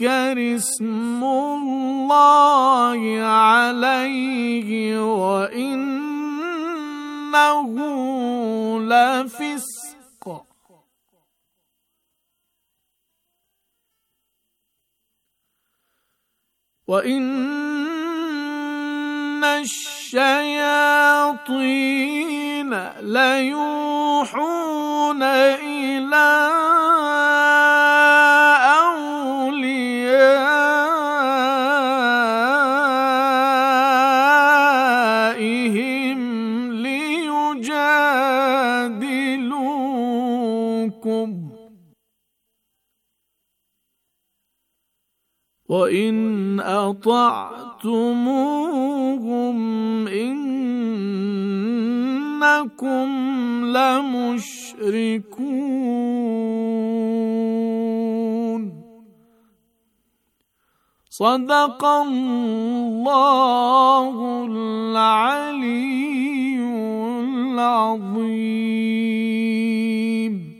ذكر اسم الله عليه وإنه لفسق وإن الشياطين ليوحون إلى وإن أطعتموهم إنكم لمشركون صدق الله العلي العظيم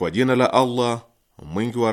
Kwa لا la Allah mwingi wa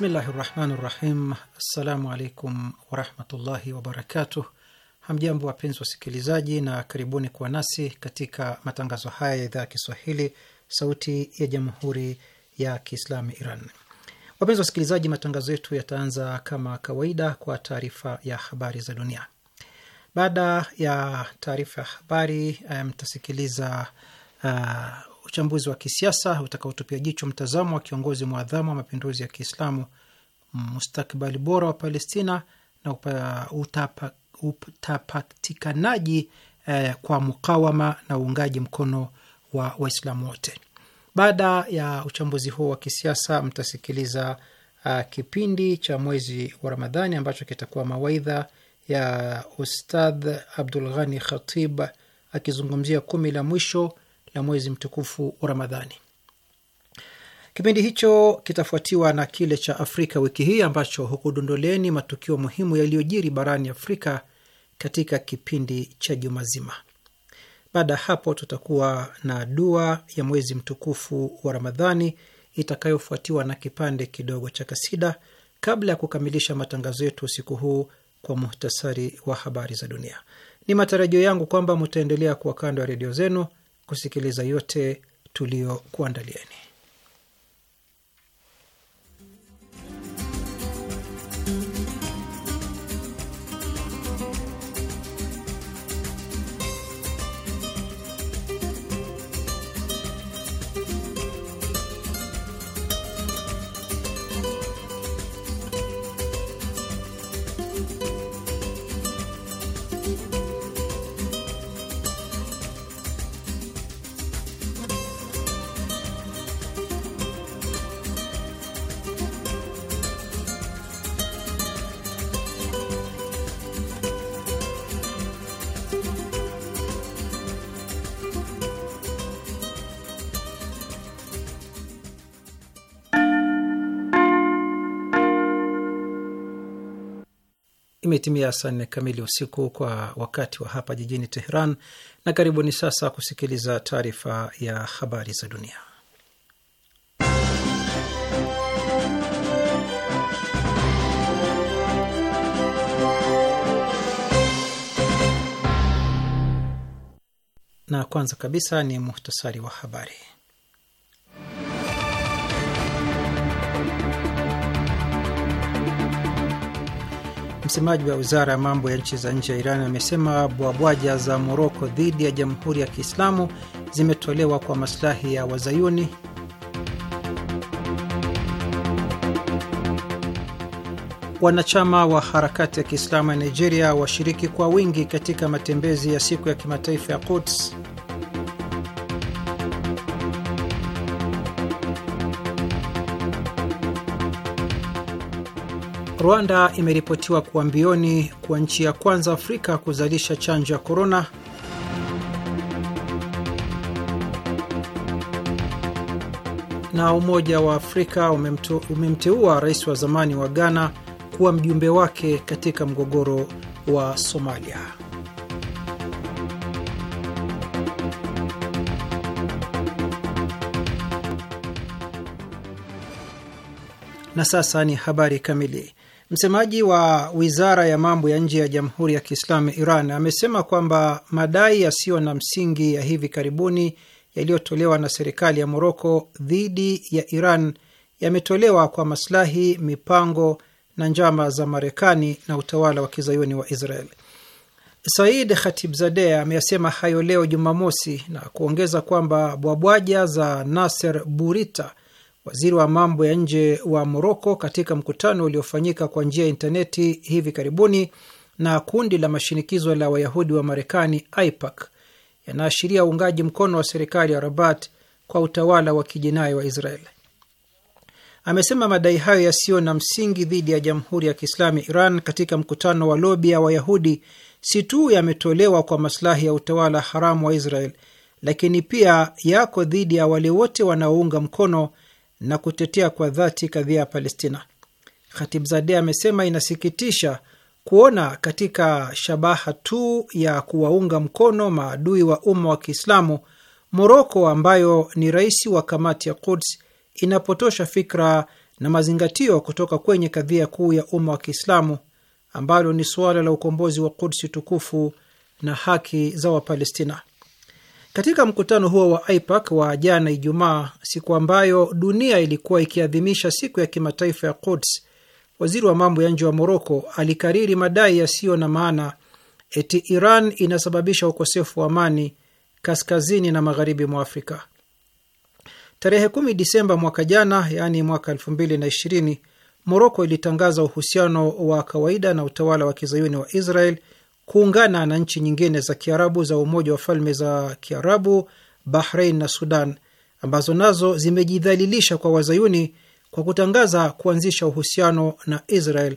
Bismillahi rahmani rahim. Assalamu alaikum warahmatullahi wabarakatuh. Hamjambo wapenzi wasikilizaji, na karibuni kuwa nasi katika matangazo haya ya idhaa ya Kiswahili, Sauti ya Jamhuri ya Kiislamu Iran. Wapenzi wasikilizaji, matangazo yetu yataanza kama kawaida kwa taarifa ya habari za dunia. Baada ya taarifa ya habari eh, mtasikiliza um, uchambuzi wa kisiasa utakaotupia jicho mtazamo wa kiongozi mwadhamu wa mapinduzi ya Kiislamu, mustakbali bora wa Palestina na utapa, utapatikanaji eh, kwa mukawama na uungaji mkono wa Waislamu wote. Baada ya uchambuzi huo wa kisiasa, mtasikiliza uh, kipindi cha mwezi wa Ramadhani ambacho kitakuwa mawaidha ya Ustadh Abdul Ghani Khatib akizungumzia kumi la mwisho la mwezi mtukufu wa Ramadhani. Kipindi hicho kitafuatiwa na kile cha Afrika wiki hii ambacho hukudondoleni matukio muhimu yaliyojiri barani Afrika katika kipindi cha juma zima. Baada ya hapo, tutakuwa na dua ya mwezi mtukufu wa Ramadhani itakayofuatiwa na kipande kidogo cha kasida kabla ya kukamilisha matangazo yetu usiku huu kwa muhtasari wa habari za dunia. Ni matarajio yangu kwamba mutaendelea kuwa kando ya redio zenu kusikiliza yote tuliyokuandalieni. Imetimia saa nne kamili usiku kwa wakati wa hapa jijini Teheran, na karibuni sasa kusikiliza taarifa ya habari za dunia. Na kwanza kabisa ni muhtasari wa habari. Msemaji wa wizara ya mambo ya nchi za nje ya Iran amesema bwabwaja za Moroko dhidi ya jamhuri ya Kiislamu zimetolewa kwa masilahi ya Wazayuni. Wanachama wa harakati ya Kiislamu ya Nigeria washiriki kwa wingi katika matembezi ya siku ya kimataifa ya Quds. Rwanda imeripotiwa kuwa mbioni kwa nchi ya kwanza Afrika kuzalisha chanjo ya korona. Na Umoja wa Afrika umemteua rais wa zamani wa Ghana kuwa mjumbe wake katika mgogoro wa Somalia. Na sasa ni habari kamili. Msemaji wa wizara ya mambo ya nje ya Jamhuri ya Kiislamu Iran amesema kwamba madai yasiyo na msingi ya hivi karibuni yaliyotolewa na serikali ya Moroko dhidi ya Iran yametolewa kwa maslahi, mipango na njama za Marekani na utawala wa kizayuni wa Israel. Said Khatibzadeh ameyasema hayo leo Jumamosi na kuongeza kwamba bwabwaja za Nasser Burita Waziri wa mambo ya nje wa Moroko katika mkutano uliofanyika kwa njia ya intaneti hivi karibuni na kundi la mashinikizo la Wayahudi wa Marekani IPAC yanaashiria uungaji mkono wa serikali ya Rabat kwa utawala wa kijinai wa israel Amesema madai hayo yasiyo na msingi dhidi ya Jamhuri ya Kiislamu ya Iran katika mkutano wa lobi ya Wayahudi si tu yametolewa kwa masilahi ya utawala haramu wa Israel, lakini pia yako dhidi ya wale wote wanaounga mkono na kutetea kwa dhati kadhia ya Palestina. zade amesema inasikitisha kuona katika shabaha tu ya kuwaunga mkono maadui wa umma wa Kiislamu, Moroko ambayo ni rais wa kamati ya Quds inapotosha fikra na mazingatio kutoka kwenye kadhia kuu ya umma wa Kiislamu ambalo ni suala la ukombozi wa Quds tukufu na haki za Wapalestina. Katika mkutano huo wa AIPAC wa jana Ijumaa, siku ambayo dunia ilikuwa ikiadhimisha siku ya kimataifa ya Quds, waziri wa mambo ya nje wa Moroko alikariri madai yasiyo na maana eti Iran inasababisha ukosefu wa amani kaskazini na magharibi mwa Afrika. Tarehe 10 Disemba mwaka jana, yaani mwaka 2020, Moroko ilitangaza uhusiano wa kawaida na utawala wa kizayuni wa Israel kuungana na nchi nyingine za Kiarabu za Umoja wa Falme za Kiarabu, bahrein na Sudan ambazo nazo zimejidhalilisha kwa wazayuni kwa kutangaza kuanzisha uhusiano na Israel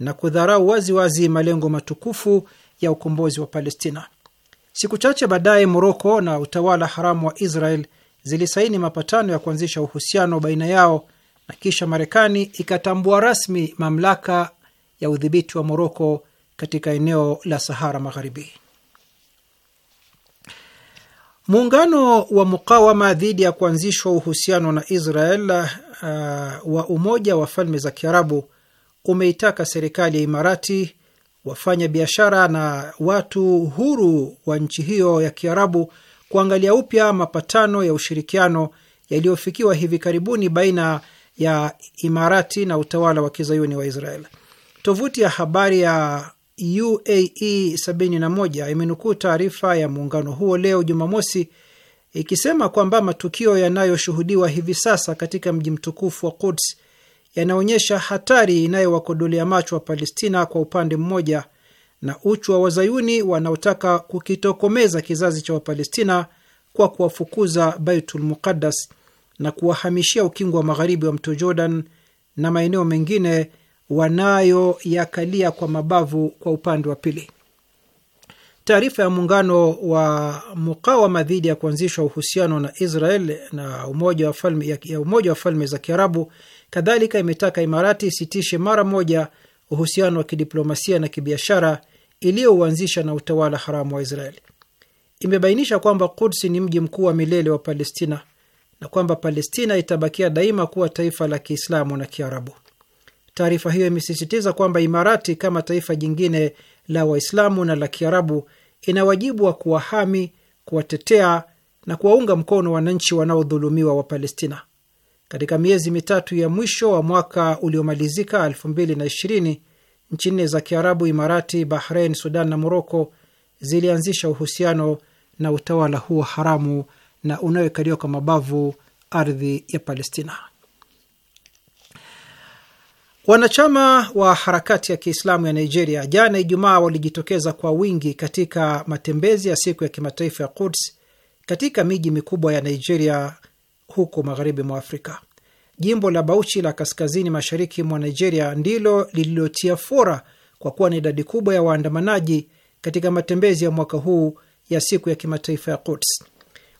na kudharau waziwazi malengo matukufu ya ukombozi wa Palestina. Siku chache baadaye, Moroko na utawala haramu wa Israel zilisaini mapatano ya kuanzisha uhusiano baina yao na kisha Marekani ikatambua rasmi mamlaka ya udhibiti wa Moroko katika eneo la Sahara Magharibi. Muungano wa mukawama dhidi ya kuanzishwa uhusiano na Israel uh, wa Umoja wa Falme za Kiarabu umeitaka serikali ya Imarati, wafanya biashara na watu huru wa nchi hiyo ya Kiarabu kuangalia upya mapatano ya ushirikiano yaliyofikiwa hivi karibuni baina ya Imarati na utawala wa kizayuni wa Israel. Tovuti ya habari ya UAE 71 imenukuu taarifa ya muungano huo leo Jumamosi ikisema kwamba matukio yanayoshuhudiwa hivi sasa katika mji mtukufu wa Quds yanaonyesha hatari inayowakodolea macho wa Palestina kwa upande mmoja na uchu wa wazayuni wanaotaka kukitokomeza kizazi cha Wapalestina kwa kuwafukuza Baitul Muqaddas na kuwahamishia ukingo wa magharibi wa mto Jordan na maeneo mengine wanayoyakalia kwa mabavu kwa upande wa pili. Taarifa ya muungano wa mukawama dhidi ya kuanzishwa uhusiano na Israel na umoja wa falme, ya Umoja wa Falme za Kiarabu kadhalika imetaka Imarati isitishe mara moja uhusiano wa kidiplomasia na kibiashara iliyouanzisha na utawala haramu wa Israeli. Imebainisha kwamba Kudsi ni mji mkuu wa milele wa Palestina na kwamba Palestina itabakia daima kuwa taifa la Kiislamu na Kiarabu. Taarifa hiyo imesisitiza kwamba Imarati kama taifa jingine la Waislamu na la Kiarabu ina wajibu wa kuwahami, kuwatetea na kuwaunga mkono wananchi wanaodhulumiwa wa Palestina. Katika miezi mitatu ya mwisho wa mwaka uliomalizika 2020 nchi nne za Kiarabu, Imarati, Bahrein, Sudan na Moroko zilianzisha uhusiano na utawala huo haramu na unayokaliwa kwa mabavu ardhi ya Palestina. Wanachama wa harakati ya Kiislamu ya Nigeria jana Ijumaa walijitokeza kwa wingi katika matembezi ya siku ya kimataifa ya Quds katika miji mikubwa ya Nigeria huko magharibi mwa Afrika. Jimbo la Bauchi la kaskazini mashariki mwa Nigeria ndilo lililotia fora kwa kuwa na idadi kubwa ya waandamanaji katika matembezi ya mwaka huu ya siku ya kimataifa ya Quds.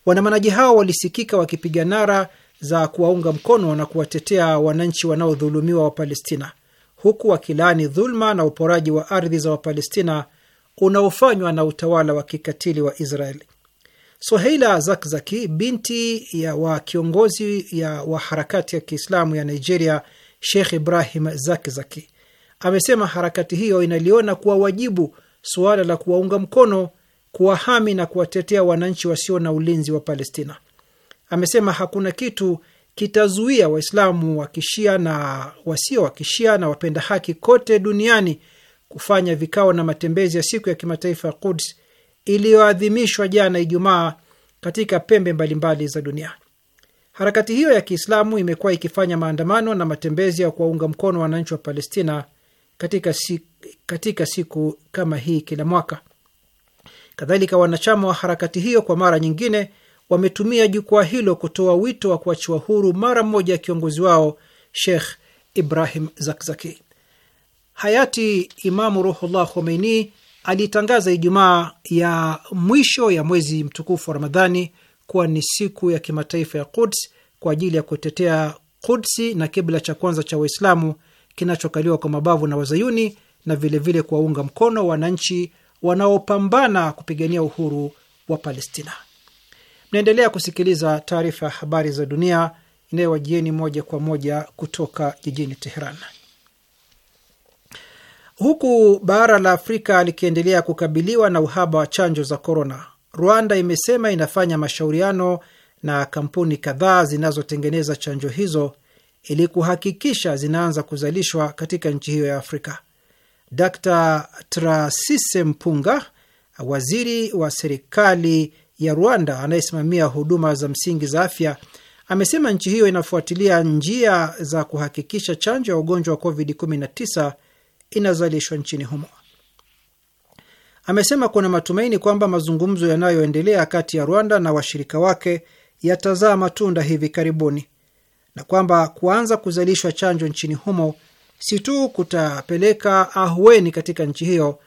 Waandamanaji hao walisikika wakipiga nara za kuwaunga mkono na kuwatetea wananchi wanaodhulumiwa wa Palestina, huku wakilaani dhuluma na uporaji wa ardhi za Wapalestina unaofanywa na utawala wa kikatili wa Israeli. Soheila Zakzaki, binti ya wa kiongozi ya wa harakati ya Kiislamu ya Nigeria, Sheikh Ibrahim Zakzaki, amesema harakati hiyo inaliona kuwa wajibu suala la kuwaunga mkono, kuwahami na kuwatetea wananchi wasio na ulinzi wa Palestina amesema hakuna kitu kitazuia Waislamu wa kishia na wasio wa kishia na wapenda haki kote duniani kufanya vikao na matembezi ya siku ya kimataifa ya Quds iliyoadhimishwa jana Ijumaa katika pembe mbalimbali za dunia. Harakati hiyo ya Kiislamu imekuwa ikifanya maandamano na matembezi ya kuwaunga mkono wananchi wa Palestina katika siku, katika siku kama hii kila mwaka. Kadhalika, wanachama wa harakati hiyo kwa mara nyingine wametumia jukwaa hilo kutoa wito wa kuachiwa huru mara moja ya kiongozi wao Sheikh Ibrahim Zakzaki. Hayati Imamu Ruhullah Khomeini alitangaza Ijumaa ya mwisho ya mwezi mtukufu wa Ramadhani kuwa ni siku ya kimataifa ya Quds kwa ajili ya kutetea Kudsi na kibla cha kwanza cha Waislamu kinachokaliwa kwa mabavu na Wazayuni na vilevile kuwaunga mkono wananchi wanaopambana kupigania uhuru wa Palestina. Mnaendelea kusikiliza taarifa ya habari za dunia inayowajieni moja kwa moja kutoka jijini Teheran. Huku bara la Afrika likiendelea kukabiliwa na uhaba wa chanjo za korona, Rwanda imesema inafanya mashauriano na kampuni kadhaa zinazotengeneza chanjo hizo ili kuhakikisha zinaanza kuzalishwa katika nchi hiyo ya Afrika. Dr Trasise Mpunga, waziri wa serikali ya Rwanda anayesimamia huduma za msingi za afya amesema nchi hiyo inafuatilia njia za kuhakikisha chanjo ya ugonjwa wa COVID-19 inazalishwa nchini humo. Amesema kuna matumaini kwamba mazungumzo yanayoendelea kati ya Rwanda na washirika wake yatazaa matunda hivi karibuni na kwamba kuanza kuzalishwa chanjo nchini humo si tu kutapeleka ahueni katika nchi hiyo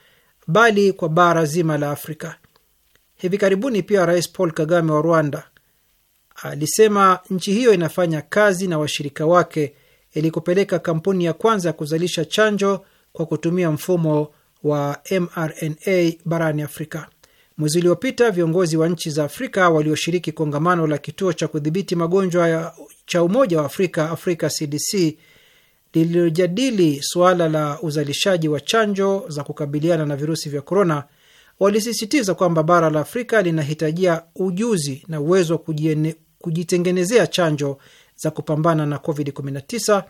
bali kwa bara zima la Afrika. Hivi karibuni pia Rais Paul Kagame wa Rwanda alisema nchi hiyo inafanya kazi na washirika wake ili kupeleka kampuni ya kwanza ya kuzalisha chanjo kwa kutumia mfumo wa mRNA barani Afrika. Mwezi uliopita viongozi wa nchi za Afrika walioshiriki kongamano la kituo cha kudhibiti magonjwa ya cha Umoja wa Afrika, afrika CDC, lililojadili suala la uzalishaji wa chanjo za kukabiliana na virusi vya korona Walisisitiza kwamba bara la Afrika linahitajia ujuzi na uwezo wa kujitengenezea chanjo za kupambana na COVID-19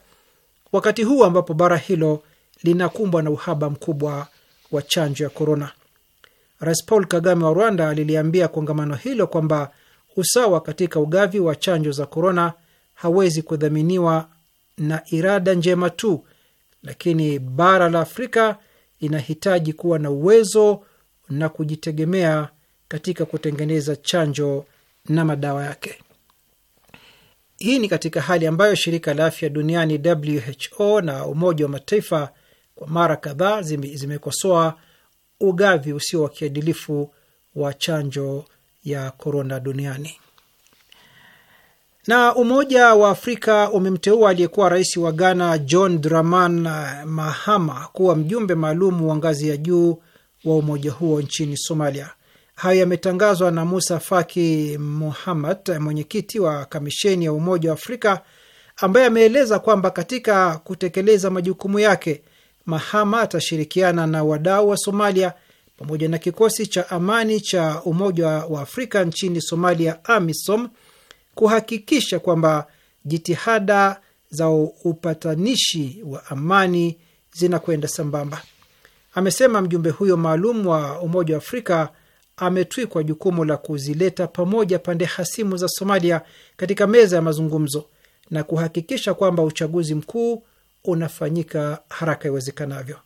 wakati huu ambapo bara hilo linakumbwa na uhaba mkubwa wa chanjo ya korona. Rais Paul Kagame wa Rwanda aliliambia kongamano hilo kwamba usawa katika ugavi wa chanjo za korona hawezi kudhaminiwa na irada njema tu, lakini bara la Afrika linahitaji kuwa na uwezo na kujitegemea katika kutengeneza chanjo na madawa yake. Hii ni katika hali ambayo shirika la afya duniani WHO na Umoja wa Mataifa kwa mara kadhaa zimekosoa ugavi usio wa kiadilifu wa chanjo ya korona duniani. Na Umoja wa Afrika umemteua aliyekuwa rais wa Ghana John Dramani Mahama kuwa mjumbe maalum wa ngazi ya juu wa umoja huo nchini Somalia. Hayo yametangazwa na Musa Faki Muhammad, mwenyekiti wa kamisheni ya Umoja wa Afrika, ambaye ameeleza kwamba katika kutekeleza majukumu yake, Mahama atashirikiana na wadau wa Somalia pamoja na kikosi cha amani cha Umoja wa Afrika nchini Somalia, AMISOM, kuhakikisha kwamba jitihada za upatanishi wa amani zinakwenda sambamba. Amesema mjumbe huyo maalum wa Umoja wa Afrika ametwikwa jukumu la kuzileta pamoja pande hasimu za Somalia katika meza ya mazungumzo na kuhakikisha kwamba uchaguzi mkuu unafanyika haraka iwezekanavyo.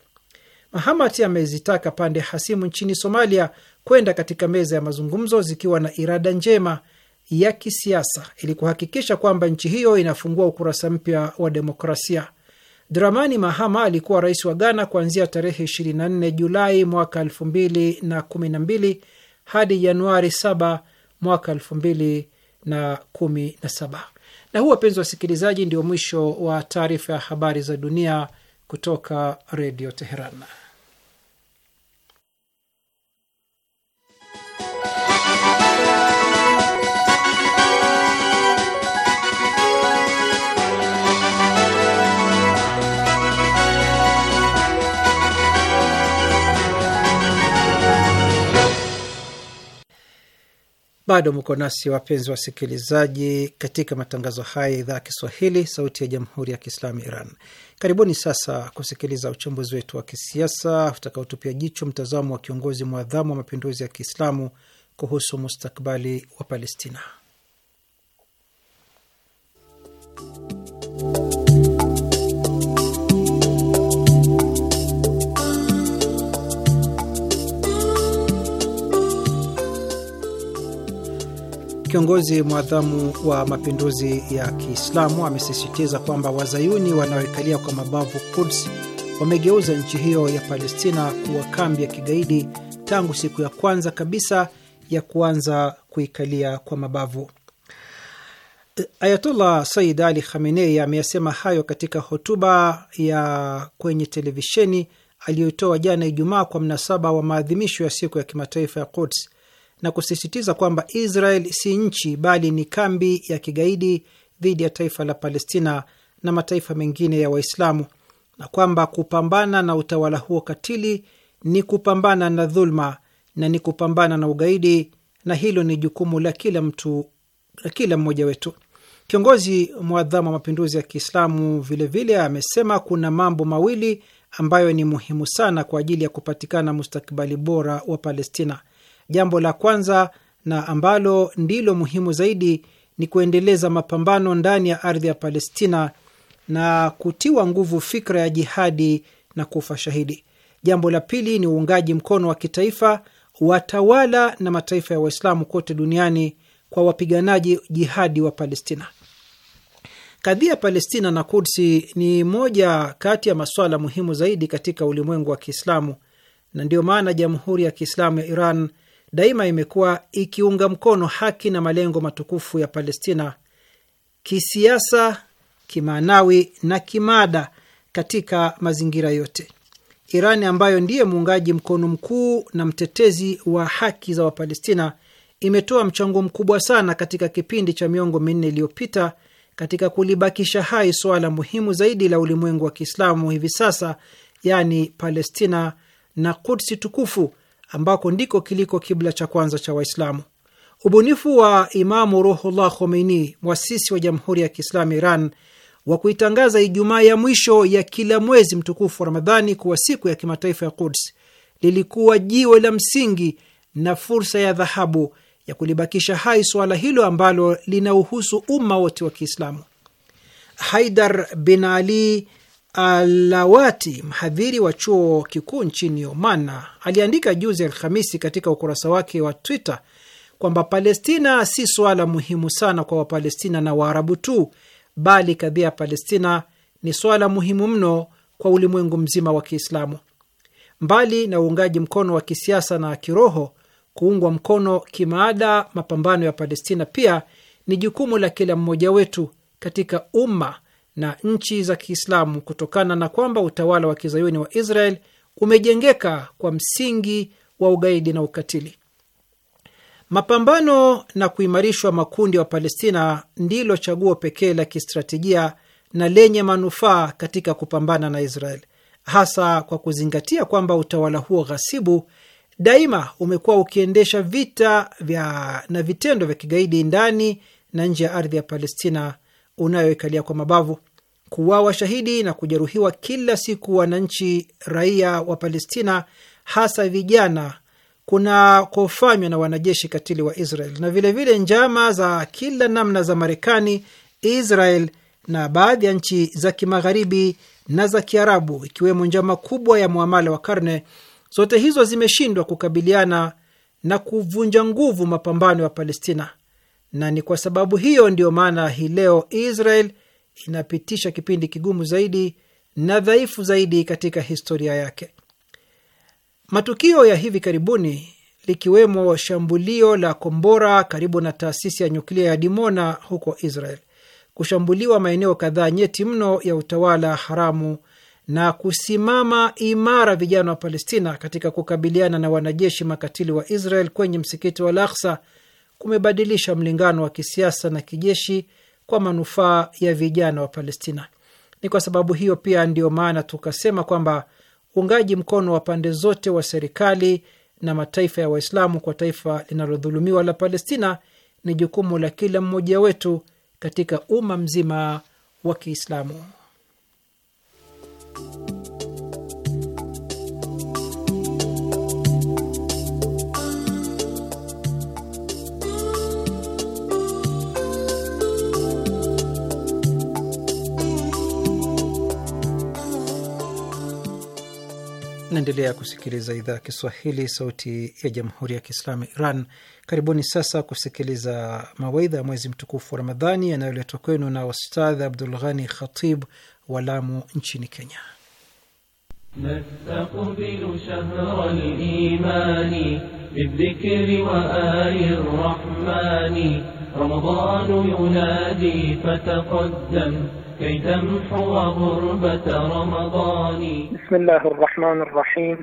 Mahamat amezitaka pande hasimu nchini Somalia kwenda katika meza ya mazungumzo zikiwa na irada njema ya kisiasa ili kuhakikisha kwamba nchi hiyo inafungua ukurasa mpya wa demokrasia. Dramani Mahama alikuwa rais wa Ghana kuanzia tarehe 24 Julai mwaka 2012 hadi Januari 7 mwaka 2017. Na huu, wapenzi wasikilizaji, ndio mwisho wa taarifa ya habari za dunia kutoka Redio Teheran. Bado mko nasi wapenzi wasikilizaji, katika matangazo haya ya idhaa ya Kiswahili, sauti ya jamhuri ya kiislamu Iran. Karibuni sasa kusikiliza uchambuzi wetu wa kisiasa utakaotupia jicho mtazamo wa kiongozi mwadhamu wa mapinduzi ya Kiislamu kuhusu mustakbali wa Palestina. Kiongozi mwadhamu wa mapinduzi ya Kiislamu amesisitiza kwamba wazayuni wanaoikalia kwa mabavu Kuds wamegeuza nchi hiyo ya Palestina kuwa kambi ya kigaidi tangu siku ya kwanza kabisa ya kuanza kuikalia kwa mabavu. Ayatollah Said Ali Khamenei ameyasema hayo katika hotuba ya kwenye televisheni aliyoitoa jana Ijumaa kwa mnasaba wa maadhimisho ya siku ya kimataifa ya Quds na kusisitiza kwamba Israel si nchi bali ni kambi ya kigaidi dhidi ya taifa la Palestina na mataifa mengine ya Waislamu na kwamba kupambana na utawala huo katili ni kupambana na dhulma na ni kupambana na ugaidi na hilo ni jukumu la kila mtu la kila mmoja wetu. Kiongozi mwadhamu wa mapinduzi ya Kiislamu vilevile amesema kuna mambo mawili ambayo ni muhimu sana kwa ajili ya kupatikana mustakabali bora wa Palestina. Jambo la kwanza na ambalo ndilo muhimu zaidi ni kuendeleza mapambano ndani ya ardhi ya Palestina na kutiwa nguvu fikra ya jihadi na kufa shahidi. Jambo la pili ni uungaji mkono wa kitaifa, watawala na mataifa ya Waislamu kote duniani kwa wapiganaji jihadi wa Palestina. Kadhia Palestina na Kudsi ni moja kati ya masuala muhimu zaidi katika ulimwengu wa Kiislamu, na ndiyo maana Jamhuri ya Kiislamu ya Iran daima imekuwa ikiunga mkono haki na malengo matukufu ya Palestina kisiasa, kimaanawi na kimada katika mazingira yote. Irani ambayo ndiye muungaji mkono mkuu na mtetezi wa haki za Wapalestina imetoa mchango mkubwa sana katika kipindi cha miongo minne iliyopita katika kulibakisha hai suala muhimu zaidi la ulimwengu wa Kiislamu hivi sasa, yaani Palestina na Kudsi tukufu ambako ndiko kiliko kibla cha kwanza cha Waislamu. Ubunifu wa Imamu Ruhullah Khomeini, mwasisi wa Jamhuri ya Kiislamu Iran, wa kuitangaza Ijumaa ya mwisho ya kila mwezi mtukufu wa Ramadhani kuwa siku ya kimataifa ya Quds lilikuwa jiwe la msingi na fursa ya dhahabu ya kulibakisha hai suala hilo ambalo linauhusu umma wote wa Kiislamu. Haidar bin Ali Alawati, mhadhiri wa chuo kikuu nchini Oman, aliandika juzi Alhamisi katika ukurasa wake wa Twitter kwamba Palestina si suala muhimu sana kwa Wapalestina na Waarabu tu, bali kadhia ya Palestina ni suala muhimu mno kwa ulimwengu mzima wa Kiislamu. Mbali na uungaji mkono wa kisiasa na kiroho, kuungwa mkono kimaada mapambano ya Palestina pia ni jukumu la kila mmoja wetu katika umma na nchi za Kiislamu kutokana na kwamba utawala wa kizayuni wa Israel umejengeka kwa msingi wa ugaidi na ukatili. Mapambano na kuimarishwa makundi ya Palestina ndilo chaguo pekee la kistratejia na lenye manufaa katika kupambana na Israel, hasa kwa kuzingatia kwamba utawala huo ghasibu daima umekuwa ukiendesha vita vya na vitendo vya kigaidi ndani na nje ya ardhi ya Palestina unayoikalia kwa mabavu. Kuuawa shahidi na kujeruhiwa kila siku wananchi raia wa Palestina, hasa vijana, kunakofanywa na wanajeshi katili wa Israel na vilevile vile njama za kila namna za Marekani, Israel na baadhi ya nchi za kimagharibi na za Kiarabu, ikiwemo njama kubwa ya muamala wa karne, zote hizo zimeshindwa kukabiliana na kuvunja nguvu mapambano ya Palestina na ni kwa sababu hiyo ndiyo maana hii leo Israel inapitisha kipindi kigumu zaidi na dhaifu zaidi katika historia yake. Matukio ya hivi karibuni likiwemo shambulio la kombora karibu na taasisi ya nyuklia ya Dimona huko Israel, kushambuliwa maeneo kadhaa nyeti mno ya utawala haramu na kusimama imara vijana wa Palestina katika kukabiliana na wanajeshi makatili wa Israel kwenye msikiti wa Al-Aqsa kumebadilisha mlingano wa kisiasa na kijeshi kwa manufaa ya vijana wa Palestina. Ni kwa sababu hiyo pia ndiyo maana tukasema kwamba uungaji mkono wa pande zote wa serikali na mataifa ya Waislamu kwa taifa linalodhulumiwa la Palestina ni jukumu la kila mmoja wetu katika umma mzima wa Kiislamu. Naendelea kusikiliza idhaa ya Kiswahili, sauti ya jamhuri ya kiislamu Iran. Karibuni sasa kusikiliza mawaidha ya mwezi mtukufu wa Ramadhani yanayoletwa kwenu na Ustadh Abdul Ghani Khatib wa Lamu nchini Kenya. رمضان ينادي فتقدم كي تمحو غربة رمضان بسم الله الرحمن الرحيم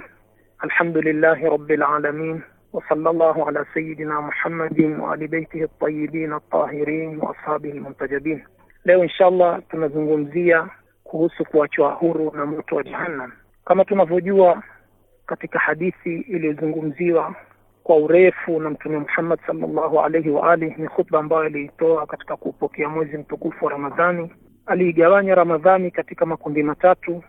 الحمد لله رب العالمين وصلى الله على سيدنا محمد وآل بيته الطيبين الطاهرين وأصحابه المنتجبين Leo inshallah tunazungumzia kuhusu kuachwa huru na moto wa Jahannam. Kama tunavyojua katika hadithi iliyozungumziwa kwa urefu na Mtume Muhammad sallallahu alaihi wa alihi. Ni khutba ambayo aliitoa katika kupokea mwezi mtukufu wa Ramadhani. Aliigawanya Ramadhani katika makundi matatu,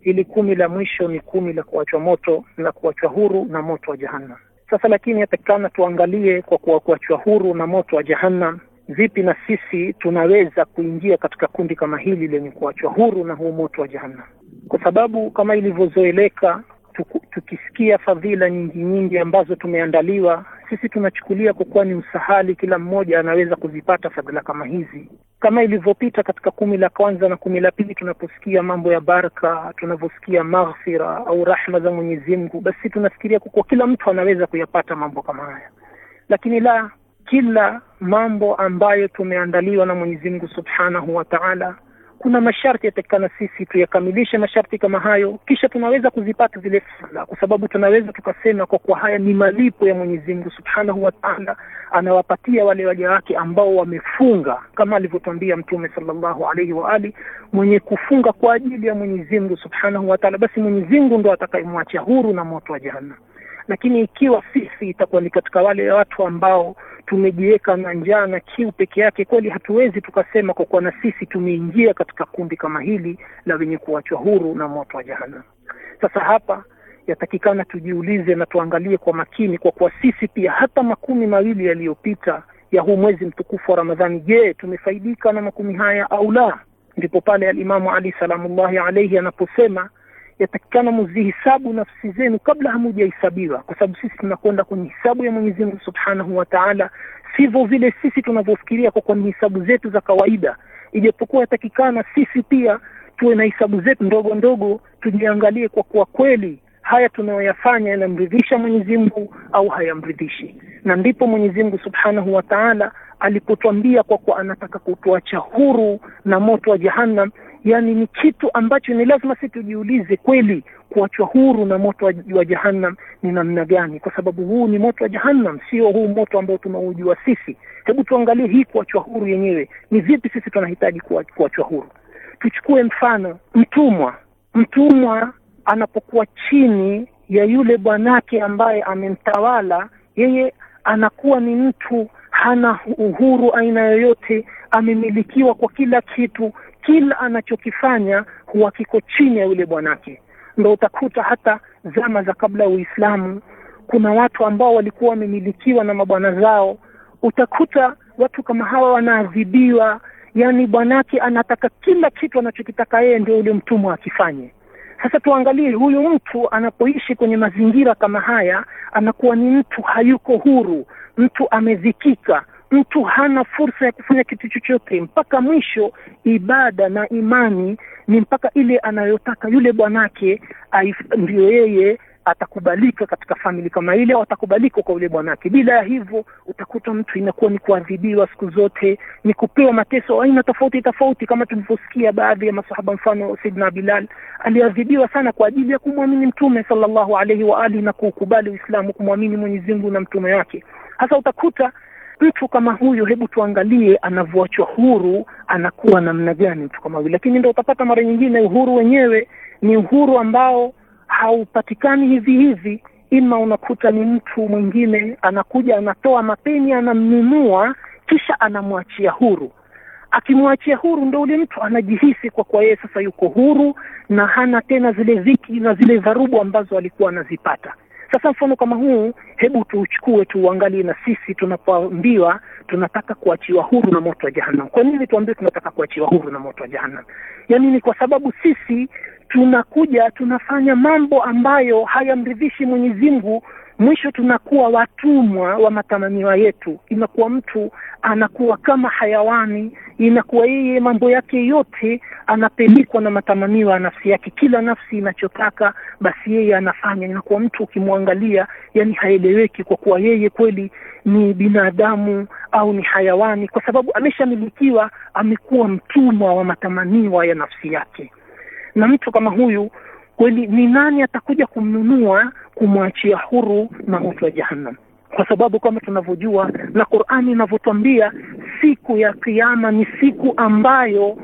ili kumi la mwisho ni kumi la kuachwa moto, la kuachwa huru na moto wa Jahannam. Sasa lakini yatakikana tuangalie kwa kuwa kuachwa huru na moto wa Jahannam, vipi na sisi tunaweza kuingia katika kundi kama hili lenye kuachwa huru na huu moto wa Jahannam, kwa sababu kama ilivyozoeleka tuku, tukisikia fadhila nyingi nyingi ambazo tumeandaliwa sisi tunachukulia kwa kuwa ni usahali, kila mmoja anaweza kuzipata fadhila kama hizi, kama ilivyopita katika kumi la kwanza na kumi la pili. Tunaposikia mambo ya baraka, tunavyosikia maghfira au rahma za Mwenyezi Mungu, basi tunafikiria kwa kuwa kila mtu anaweza kuyapata mambo kama haya, lakini la, kila mambo ambayo tumeandaliwa na Mwenyezi Mungu Subhanahu wa Ta'ala kuna masharti yatakikana sisi tuyakamilishe masharti kama hayo, kisha tunaweza kuzipata zile fadhila, kwa sababu tunaweza tukasema kwa kuwa haya ni malipo ya Mwenyezi Mungu subhanahu wa taala, anawapatia wale waja wake ambao wamefunga, kama alivyotwambia Mtume sallallahu alaihi wa ali, mwenye kufunga kwa ajili ya Mwenyezi Mungu subhanahu wa taala, basi Mwenyezi Mungu ndo atakayemwacha huru na moto wa Jahannam. Lakini ikiwa sisi itakuwa ni katika wale watu ambao tumejiweka na njaa na kiu peke yake, kweli hatuwezi tukasema kwa kuwa na sisi tumeingia katika kundi kama hili la wenye kuachwa huru na moto wa jahannam. Sasa hapa yatakikana tujiulize na tuangalie kwa makini, kwa kuwa sisi pia hata makumi mawili yaliyopita ya huu mwezi mtukufu wa Ramadhani, je, tumefaidika na makumi haya au la? Ndipo pale alimamu Ali salamullahi alaihi anaposema yatakikana muzihisabu nafsi zenu kabla hamujahesabiwa, kwa sababu sisi tunakwenda kwenye hisabu ya Mwenyezi Mungu subhanahu wa taala, sivyo vile sisi tunavyofikiria kwa kwa ni hisabu zetu za kawaida, ijapokuwa yatakikana sisi pia tuwe na hisabu zetu ndogo ndogo, tujiangalie kwa kuwa kweli haya tunayoyafanya yanamridhisha Mwenyezi Mungu au hayamridhishi. Na ndipo Mwenyezi Mungu subhanahu wa taala alipotwambia kwa kuwa anataka kutuacha huru na moto wa Jahannam yani ni kitu ambacho ni lazima sisi tujiulize kweli kuachwa huru na moto wa jahannam ni namna gani kwa sababu huu ni moto wa jahannam sio huu moto ambao tunaujua sisi hebu tuangalie hii kuachwa huru yenyewe ni vipi sisi tunahitaji kuachwa huru tuchukue mfano mtumwa mtumwa anapokuwa chini ya yule bwanake ambaye amemtawala yeye anakuwa ni mtu hana uhuru aina yoyote amemilikiwa kwa kila kitu kila anachokifanya huwa kiko chini ya yule bwanake. Ndo utakuta hata zama za kabla ya Uislamu kuna watu ambao walikuwa wamemilikiwa na mabwana zao. Utakuta watu kama hawa wanaadhibiwa, yani bwanake anataka kila kitu anachokitaka yeye, ndio yule mtumwa akifanye. Sasa tuangalie huyu mtu anapoishi kwenye mazingira kama haya, anakuwa ni mtu hayuko huru, mtu amedhikika, mtu hana fursa ya kufanya kitu chochote mpaka mwisho. Ibada na imani ni mpaka ile anayotaka yule bwanake ndiyo yeye atakubalika katika famili kama ile au atakubalika kwa yule bwanake. Bila ya hivyo, utakuta mtu inakuwa ni kuadhibiwa siku zote, ni kupewa mateso aina tofauti tofauti, kama tulivyosikia baadhi ya masahaba, mfano Sidna Bilal aliadhibiwa sana kwa ajili ya kumwamini Mtume sallallahu alaihi wa alihi na kuukubali Uislamu, kumwamini Mwenyezi Mungu na mtume wake. Hasa utakuta mtu kama huyu, hebu tuangalie anavyoachwa huru, anakuwa namna gani mtu kama huyu. Lakini ndo utapata mara nyingine uhuru wenyewe ni uhuru ambao haupatikani hivi hivi. Ima unakuta ni mtu mwingine anakuja anatoa mapeni anamnunua, kisha anamwachia huru. Akimwachia huru, ndo ule mtu anajihisi kwa kwa yeye sasa yuko huru na hana tena zile dhiki na zile dharubu ambazo alikuwa anazipata. Sasa mfano kama huu, hebu tuuchukue tuuangalie, na sisi tunapoambiwa tunataka kuachiwa huru na moto wa Jahannam. Kwa nini tuambiwe tunataka kuachiwa huru na moto wa Jahannam? Yaani ni kwa sababu sisi tunakuja tunafanya mambo ambayo hayamridhishi Mwenyezi Mungu Mwisho tunakuwa watumwa wa matamanio yetu, inakuwa mtu anakuwa kama hayawani, inakuwa yeye mambo yake yote anapelekwa na matamanio ya nafsi yake. Kila nafsi inachotaka basi yeye anafanya. Inakuwa mtu ukimwangalia, yani haeleweki kwa kuwa yeye kweli ni binadamu au ni hayawani, kwa sababu ameshamilikiwa, amekuwa mtumwa wa matamanio ya nafsi yake. Na mtu kama huyu kweli, ni nani atakuja kumnunua kumwachia huru na moto wa Jahannam, kwa sababu kama tunavyojua na Qur'ani inavyotwambia, siku ya Kiyama ni siku ambayo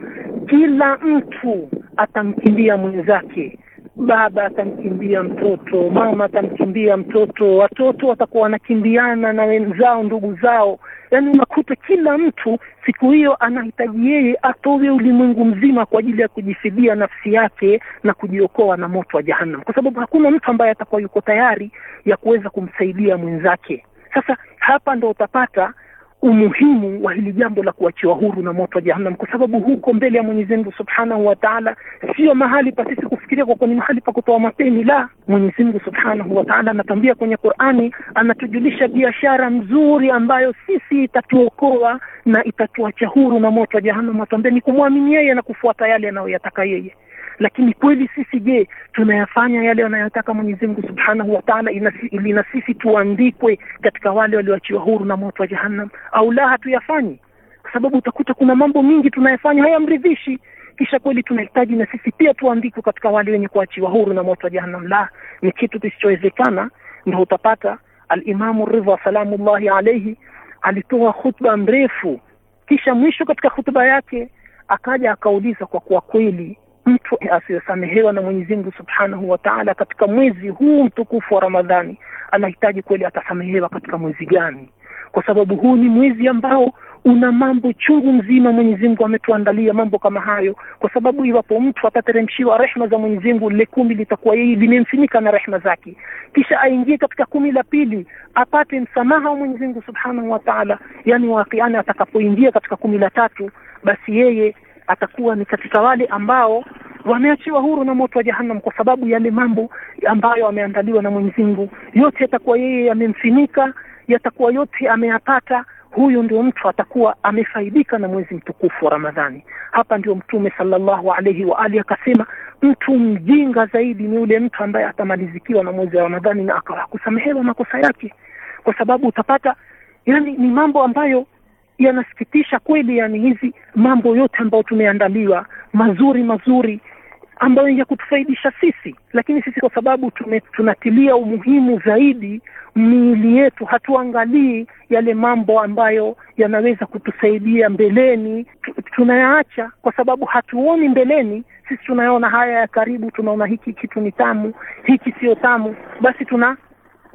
kila mtu atamkimbia mwenzake baba atamkimbia mtoto, mama atamkimbia mtoto, watoto watakuwa wanakimbiana na wenzao, ndugu zao. Yaani unakuta kila mtu siku hiyo anahitaji yeye atowe ulimwengu mzima kwa ajili ya kujifidia nafsi yake na kujiokoa na moto wa Jahannam, kwa sababu hakuna mtu ambaye atakuwa yuko tayari ya kuweza kumsaidia mwenzake. Sasa hapa ndo utapata umuhimu wa hili jambo la kuachiwa huru na moto wa Jahannam, kwa sababu huko mbele ya Mwenyezi Mungu Subhanahu wa Ta'ala sio mahali pa sisi kufikiria kwa ni mahali pa kutoa mapeni. La, Mwenyezi Mungu Subhanahu wa Ta'ala anatambia kwenye Qur'ani, anatujulisha biashara mzuri ambayo sisi itatuokoa na itatuacha huru na moto wa Jahannam. Atambia ni kumwamini yeye na kufuata yale anayoyataka yeye. Lakini kweli sisi je, tunayafanya yale anayotaka Mwenyezi Mungu Subhanahu wa Ta'ala, ili na sisi tuandikwe katika wale walioachiwa huru na moto wa Jahannam, au la, hatuyafanyi? Kwa sababu utakuta kuna mambo mingi tunayafanya hayamridhishi, kisha kweli tunahitaji na sisi pia tuandikwe katika wale wenye kuachiwa huru na moto wa Jahannam? La, ni kitu kisichowezekana. Ndio utapata Alimamu Ridha salamullahi alaihi alitoa khutba mrefu, kisha mwisho katika khutba yake akaja akauliza, kwa kuwa kweli mtu asiyesamehewa na Mwenyezi Mungu Subhanahu wa Ta'ala katika mwezi huu mtukufu wa Ramadhani, anahitaji kweli atasamehewa katika mwezi gani? Kwa sababu huu ni mwezi ambao una mambo chungu mzima. Mwenyezi Mungu ametuandalia mambo kama hayo, kwa sababu iwapo mtu atateremshiwa rehma za Mwenyezi Mungu, lile kumi litakuwa yeye limemfunika na rehma zake, kisha aingie katika kumi la pili apate msamaha wa Mwenyezi Mungu Subhanahu wa Ta'ala, yani wakiana atakapoingia katika kumi la tatu, basi yeye atakuwa ni katika wale ambao wameachiwa huru na moto wa Jahannam kwa sababu yale mambo ambayo ameandaliwa na Mwenyezi Mungu yote yatakuwa yeye yamemfinika, yatakuwa yote ameyapata. Huyu ndio mtu atakuwa amefaidika na mwezi mtukufu wa Ramadhani. Hapa ndio Mtume sallallahu alaihi wa alihi akasema, mtu mjinga zaidi ni yule mtu ambaye atamalizikiwa na mwezi wa Ramadhani na akawa hakusamehewa makosa yake, kwa sababu utapata, yani ni mambo ambayo yanasikitisha kweli, yani hizi mambo yote ambayo tumeandaliwa mazuri mazuri ambayo ya kutufaidisha sisi, lakini sisi kwa sababu tume, tunatilia umuhimu zaidi miili yetu, hatuangalii yale mambo ambayo yanaweza kutusaidia mbeleni, tunayaacha kwa sababu hatuoni mbeleni. Sisi tunayaona haya ya karibu, tunaona hiki kitu ni tamu, hiki siyo tamu, basi tuna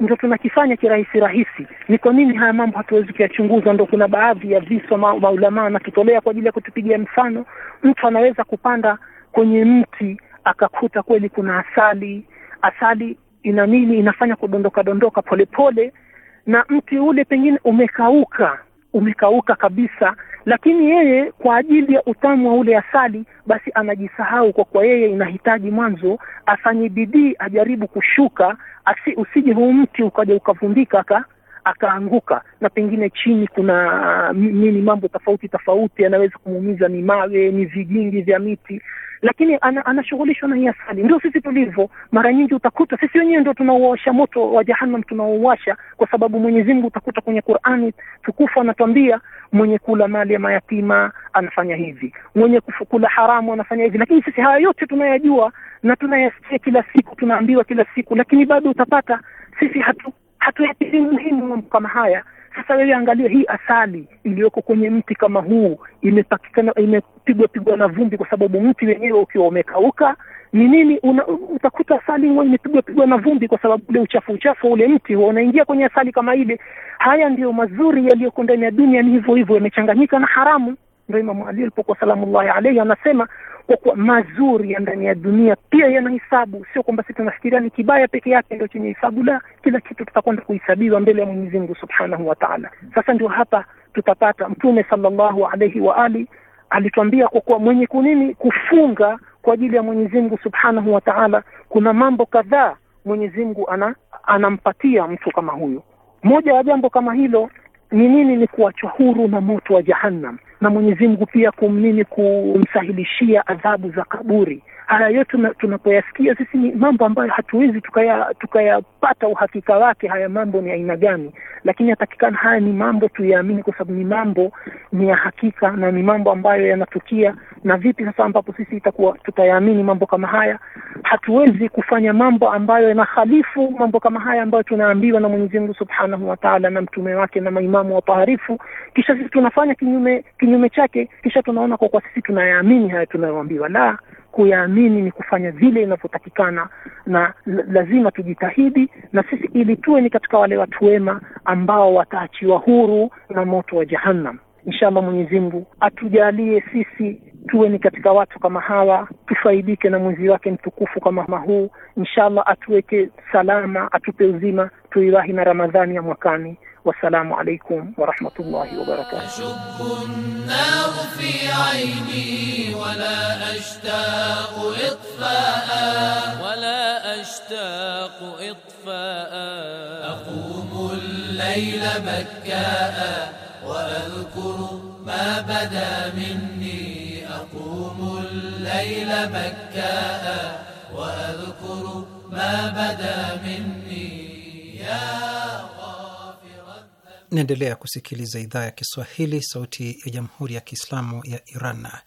ndio tunakifanya kirahisi rahisi. Ni kwa nini haya mambo hatuwezi kuyachunguza? Ndo kuna baadhi ya visa ma, maulamaa wanatutolea kwa ajili ya kutupigia mfano. Mtu anaweza kupanda kwenye mti akakuta kweli kuna asali. Asali ina nini? Inafanya kudondoka dondoka polepole pole, na mti ule pengine umekauka, umekauka kabisa lakini yeye kwa ajili ya utamu wa ule asali basi anajisahau kwa kuwa yeye inahitaji mwanzo afanye bidii ajaribu kushuka asi usije huu mti ukaja ukavundika ka akaanguka na pengine chini kuna mm, nini mambo tofauti tofauti yanaweza kumuumiza ni mawe ni vijingi vya miti lakini anashughulishwa na hiasadi. Ndio sisi tulivyo, mara nyingi utakuta sisi wenyewe ndio tunaowasha moto wa jahannam, tunaowasha kwa sababu Mwenyezi Mungu utakuta kwenye Qur'ani tukufu anatuambia mwenye kula mali ya mayatima anafanya hivi, mwenye kula haramu anafanya hivi. Lakini sisi haya yote tunayajua na tunayasikia kila siku, tunaambiwa kila siku, lakini bado utapata sisi hatu hatuyatili muhimu kama haya sasa wewe angalia hii asali iliyoko kwenye mti kama huu imepatikana imepigwa pigwa na vumbi kwa sababu mti wenyewe ukiwa umekauka ni nini utakuta asali huwa imepigwa pigwa na vumbi kwa sababu ule uchafu uchafu ule mti huwa unaingia kwenye asali kama ile haya ndiyo mazuri yaliyoko ndani ya dunia ni hivyo hivyo yamechanganyika na haramu ndio imamu ali alipokuwa salamullahi alaihi anasema kwa kuwa mazuri ya ndani ya dunia pia yana hesabu, sio kwamba sisi tunafikiria ni kibaya peke yake ndio chenye hesabu. La, kila kitu tutakwenda kuhesabiwa mbele ya Mwenyezi Mungu subhanahu wa taala. Sasa ndio hapa tutapata Mtume sallallahu alaihi wa ali alituambia kwa kuwa mwenye kunini kufunga kwa ajili ya Mwenyezi Mungu subhanahu wa taala, kuna mambo kadhaa Mwenyezi Mungu ana, anampatia mtu kama huyu. Moja ya jambo kama hilo ni nini? Ni kuachwa huru na moto wa Jahannam, na Mwenyezi Mungu pia kumnini kumsahilishia adhabu za kaburi haya yote tunapoyasikia sisi ni mambo ambayo hatuwezi tukayapata tukaya uhakika wake, haya mambo ni aina gani, lakini yatakikana haya ni mambo tuyaamini, kwa sababu ni mambo ni ya hakika na ni mambo ambayo yanatukia. Na vipi sasa ambapo sisi itakuwa tutayaamini mambo kama haya? Hatuwezi kufanya mambo ambayo yanahalifu mambo kama haya ambayo tunaambiwa na Mwenyezi Mungu Subhanahu wa Ta'ala na mtume wake na maimamu watoharifu, kisha sisi tunafanya kinyume kinyume chake, kisha tunaona kwa kwa sisi tunayaamini haya tunayoambiwa. La, kuyaamini ni kufanya vile inavyotakikana, na lazima tujitahidi na sisi ili tuwe ni katika wale watu wema ambao wataachiwa huru na moto wa Jahannam. Inshallah, Mwenyezi atujalie sisi tuwe ni katika watu kama hawa, tufaidike na mwezi wake mtukufu kama huu. inshaallah atuweke salama, atupe uzima, tuiwahi na Ramadhani ya mwakani. والسلام عليكم ورحمة الله وبركاته أشب النار في عيني ولا أشتاق إطفاء ولا أشتاق إطفاء أقوم الليل بكاء وأذكر ما بدا مني أقوم الليل بكاء وأذكر ما بدا مني يا Naendelea kusikiliza idhaa ya Kiswahili, sauti ya jamhuri ya kiislamu ya Iran. Eh,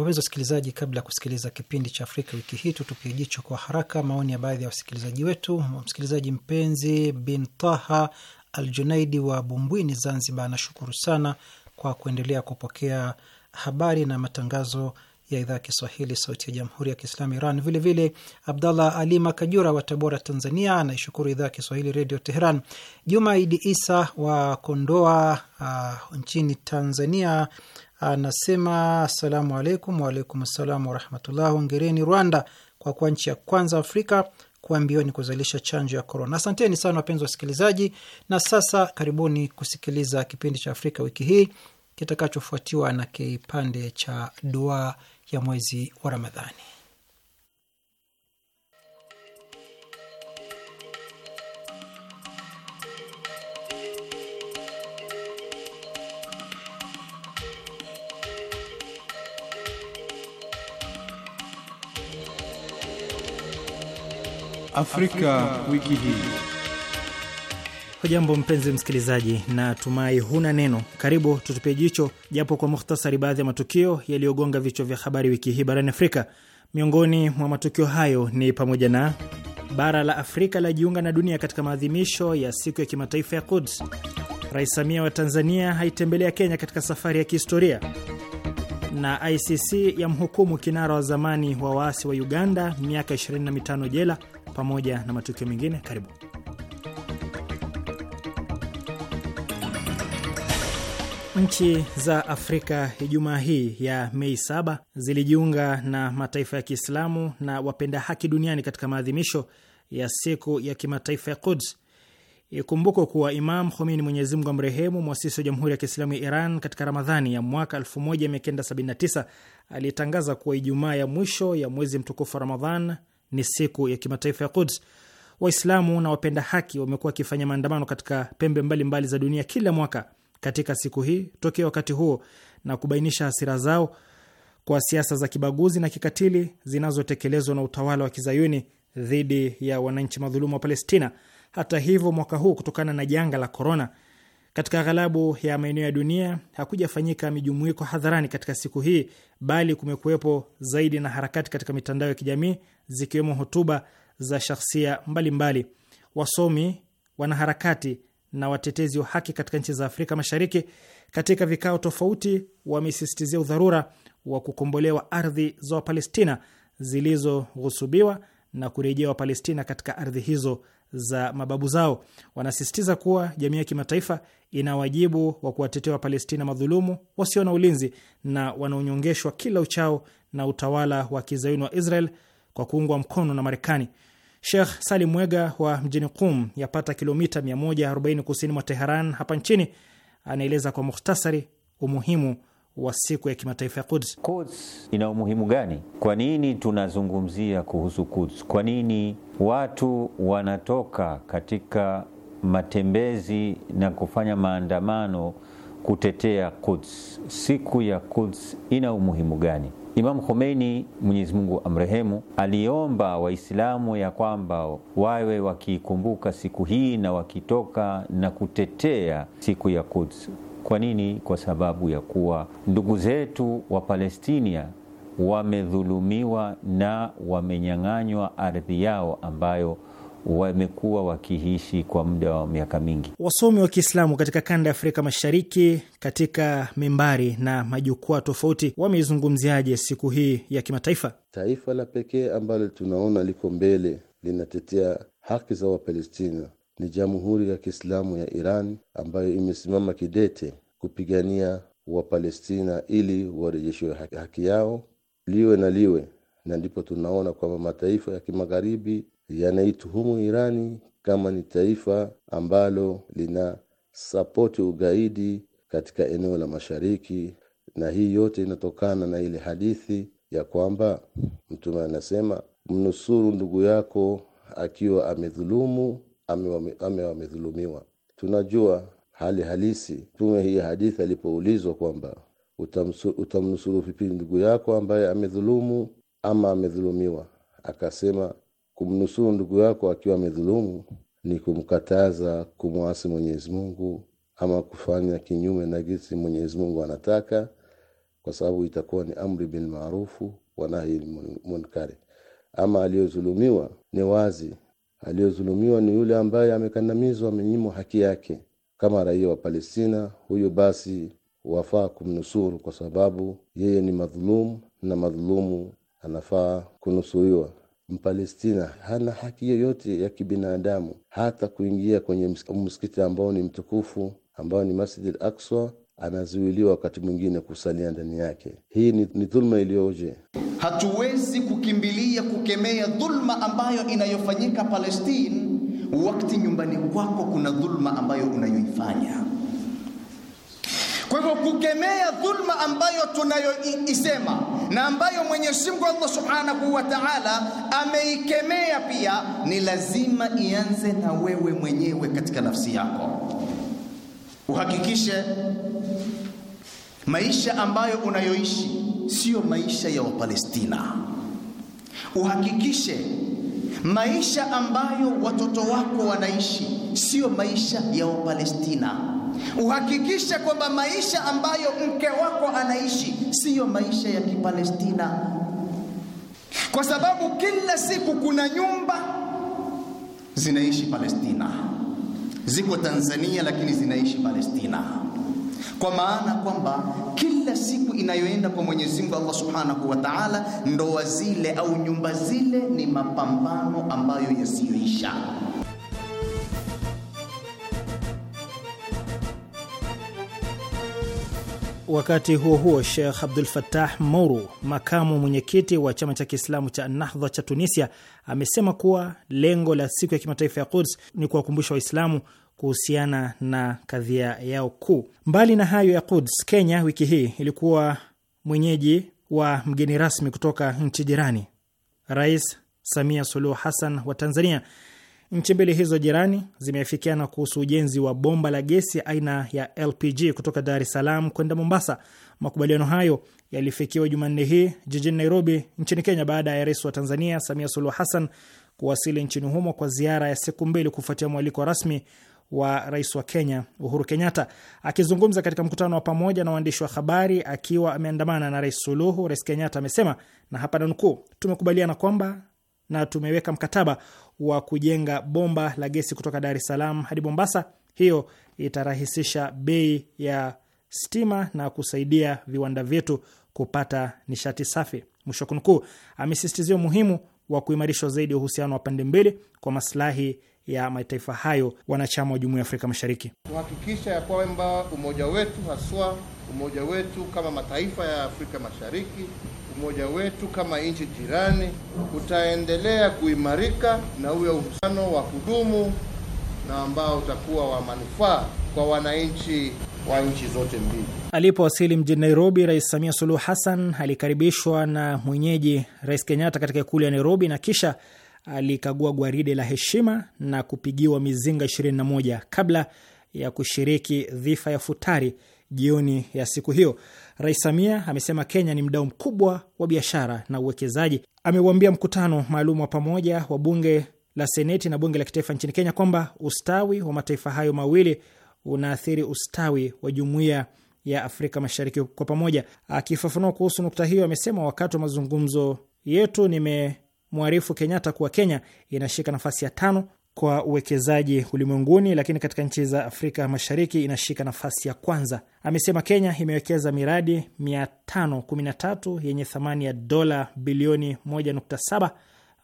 wapenzi wasikilizaji, kabla ya kusikiliza kipindi cha Afrika wiki hii, tutupie jicho kwa haraka maoni ya baadhi ya wasikilizaji wetu. Msikilizaji mpenzi Bin Taha Al Junaidi wa Bumbwini, Zanzibar, anashukuru sana kwa kuendelea kupokea habari na matangazo ya idhaa ya Kiswahili, sauti ya jamhuri ya kiislamu Iran. Vilevile Abdallah Ali Makajura wa Tabora, Tanzania, anaishukuru idhaa ya Kiswahili redio Teheran. Juma Idi Isa wa Kondoa uh, nchini Tanzania anasema asalamu alaikum. Waalaikum salam warahmatullah. Hongereni Rwanda kwa kuwa nchi ya kwanza Afrika kuwa mbioni kuzalisha chanjo ya korona. Asanteni sana wapenzi wasikilizaji, na sasa karibuni kusikiliza kipindi cha Afrika wiki hii kitakachofuatiwa na kipande cha dua ya mwezi wa Ramadhani. Afrika, Afrika wiki hii. Hujambo mpenzi msikilizaji, na tumai huna neno. Karibu tutupie jicho japo kwa muhtasari baadhi ya matukio yaliyogonga vichwa vya habari wiki hii barani Afrika. Miongoni mwa matukio hayo ni pamoja na bara la Afrika lajiunga na dunia katika maadhimisho ya siku ya kimataifa ya Quds, Rais Samia wa Tanzania haitembelea Kenya katika safari ya kihistoria, na ICC ya mhukumu kinara wa zamani wa waasi wa Uganda miaka 25 jela, pamoja na matukio mengine. Karibu. Nchi za Afrika Ijumaa hii ya Mei saba zilijiunga na mataifa ya Kiislamu na wapenda haki duniani katika maadhimisho ya siku ya kimataifa ya Quds. Ikumbukwe kuwa Imam Khomeini, Mwenyezi Mungu amrehemu, mwasisi wa Jamhuri ya Kiislamu ya Iran, katika Ramadhani ya mwaka 1979 alitangaza kuwa Ijumaa ya mwisho ya mwezi mtukufu wa Ramadhan ni siku ya kimataifa ya Quds. Waislamu na wapenda haki wamekuwa wakifanya maandamano katika pembe mbalimbali mbali za dunia kila mwaka katika siku hii tokea wakati huo na kubainisha hasira zao kwa siasa za kibaguzi na kikatili zinazotekelezwa na utawala wa kizayuni dhidi ya wananchi madhulumu wa Palestina. Hata hivyo, mwaka huu kutokana na janga la korona, katika ghalabu ya maeneo ya dunia hakujafanyika mijumuiko hadharani katika siku hii, bali kumekuwepo zaidi na harakati katika mitandao ya kijamii, zikiwemo hotuba za shahsia mbalimbali Wasomi, wanaharakati na watetezi wa haki katika nchi za Afrika Mashariki katika vikao tofauti wamesisitizia udharura wa kukombolewa ardhi za Wapalestina zilizoghusubiwa na kurejea Wapalestina katika ardhi hizo za mababu zao. Wanasisitiza kuwa jamii ya kimataifa ina wajibu wa kuwatetea Wapalestina madhulumu wasio na ulinzi na wanaonyongeshwa kila uchao na utawala wa kizayuni wa Israel kwa kuungwa mkono na Marekani. Sheikh Salim Mwega wa mjini Qum, yapata kilomita 140 kusini mwa Teheran hapa nchini, anaeleza kwa mukhtasari umuhimu wa siku ya kimataifa ya Quds. Quds ina umuhimu gani? Kwa nini tunazungumzia kuhusu Quds? Kwa nini watu wanatoka katika matembezi na kufanya maandamano kutetea Quds? Siku ya Quds ina umuhimu gani? Imam Khomeini, Mwenyezi Mungu amrehemu, aliomba Waislamu ya kwamba wawe wakiikumbuka siku hii na wakitoka na kutetea siku ya Quds. Kwa nini? Kwa sababu ya kuwa ndugu zetu wa Palestina wamedhulumiwa na wamenyang'anywa ardhi yao ambayo wamekuwa wakiishi kwa muda wa miaka mingi. Wasomi wa Kiislamu katika kanda ya Afrika Mashariki, katika mimbari na majukwaa tofauti, wameizungumziaje siku hii ya kimataifa? Taifa la pekee ambalo tunaona liko mbele linatetea haki za Wapalestina ni Jamhuri ya Kiislamu ya Iran ambayo imesimama kidete kupigania Wapalestina ili warejeshiwe haki yao liwe na liwe, na ndipo tunaona kwamba mataifa ya kimagharibi yanaituhumu Irani kama ni taifa ambalo lina sapoti ugaidi katika eneo la Mashariki, na hii yote inatokana na ile hadithi ya kwamba Mtume anasema mnusuru ndugu yako akiwa amedhulumu ame amedhulumiwa. Tunajua hali halisi. Mtume hii hadithi alipoulizwa kwamba utamnusuru vipi ndugu yako ambaye amedhulumu ama amedhulumiwa, akasema Kumnusuru ndugu yako akiwa amedhulumu ni kumkataza kumwasi Mwenyezi Mungu ama kufanya kinyume na jinsi Mwenyezi Mungu anataka, kwa sababu itakuwa ni amri bin maarufu wa munkari. Ama aliyozulumiwa ni wazi, aliyozulumiwa ni yule ambaye amekandamizwa, amenyimwa haki yake, kama raia wa Palestina, huyo basi wafaa kumnusuru, kwa sababu yeye ni madhulumu na madhulumu anafaa kunusuriwa. Mpalestina hana haki yoyote ya kibinadamu hata kuingia kwenye msikiti ambao ni mtukufu ambao ni Masjid al-Aqsa, anazuiliwa wakati mwingine kusalia ndani yake. Hii ni, ni dhulma iliyoje! Hatuwezi kukimbilia kukemea dhulma ambayo inayofanyika Palestine wakati nyumbani kwako kuna dhulma ambayo unayoifanya. Kwa hivyo kukemea dhulma ambayo tunayoisema na ambayo Mwenyezi Mungu Allah Subhanahu wa Ta'ala ameikemea pia, ni lazima ianze na wewe mwenyewe katika nafsi yako. Uhakikishe maisha ambayo unayoishi siyo maisha ya Wapalestina. Uhakikishe maisha ambayo watoto wako wanaishi siyo maisha ya Wapalestina uhakikishe kwamba maisha ambayo mke wako anaishi siyo maisha ya Kipalestina, kwa sababu kila siku kuna nyumba zinaishi Palestina, ziko Tanzania lakini zinaishi Palestina, kwa maana kwamba kila siku inayoenda kwa Mwenyezi Mungu Allah Subhanahu wa Ta'ala, ndoa zile au nyumba zile ni mapambano ambayo yasiyoisha. Wakati huo huo, Sheikh Abdul fatah Mouru, makamu mwenyekiti wa chama cha Kiislamu cha Nahdha cha Tunisia, amesema kuwa lengo la siku ya kimataifa ya Quds ni kuwakumbusha Waislamu kuhusiana na kadhia yao kuu. Mbali na hayo ya Quds, Kenya wiki hii ilikuwa mwenyeji wa mgeni rasmi kutoka nchi jirani. Rais Samia Suluhu Hassan wa Tanzania Nchi mbili hizo jirani zimeafikiana kuhusu ujenzi wa bomba la gesi aina ya LPG kutoka Dar es Salaam kwenda Mombasa. Makubaliano hayo yalifikiwa Jumanne hii jijini Nairobi nchini Kenya baada ya rais wa Tanzania Samia Suluhu Hassan kuwasili nchini humo kwa ziara ya siku mbili kufuatia mwaliko rasmi wa rais wa Kenya Uhuru Kenyatta. Akizungumza katika mkutano wa pamoja na waandishi wa habari akiwa ameandamana na rais Suluhu, rais Kenyatta amesema na hapa nanukuu, tumekubaliana kwamba na tumeweka mkataba wa kujenga bomba la gesi kutoka Dar es Salaam hadi Mombasa. Hiyo itarahisisha bei ya stima na kusaidia viwanda vyetu kupata nishati safi. Mwisho kunukuu. Amesisitizia umuhimu wa kuimarishwa zaidi uhusiano wa pande mbili kwa maslahi ya mataifa hayo wanachama wa Jumuiya ya Afrika Mashariki, kuhakikisha ya kwamba umoja wetu haswa umoja wetu kama mataifa ya Afrika Mashariki umoja wetu kama nchi jirani utaendelea kuimarika na uwe uhusiano wa kudumu na ambao utakuwa wa manufaa kwa wananchi wa nchi zote mbili. Alipowasili mjini Nairobi, Rais Samia Suluhu Hassan alikaribishwa na mwenyeji Rais Kenyatta katika ikulu ya Nairobi na kisha alikagua gwaride la heshima na kupigiwa mizinga 21 kabla ya kushiriki dhifa ya futari jioni ya siku hiyo. Rais Samia amesema Kenya ni mdau mkubwa wa biashara na uwekezaji. Ameuambia mkutano maalum wa pamoja wa bunge la seneti na bunge la kitaifa nchini Kenya kwamba ustawi wa mataifa hayo mawili unaathiri ustawi wa jumuiya ya Afrika Mashariki kwa pamoja. Akifafanua kuhusu nukta hiyo, amesema wakati wa mazungumzo yetu nimemwarifu Kenyatta kuwa Kenya inashika nafasi ya tano kwa uwekezaji ulimwenguni, lakini katika nchi za Afrika Mashariki inashika nafasi ya kwanza. Amesema Kenya imewekeza miradi 513 yenye thamani ya dola bilioni 1.7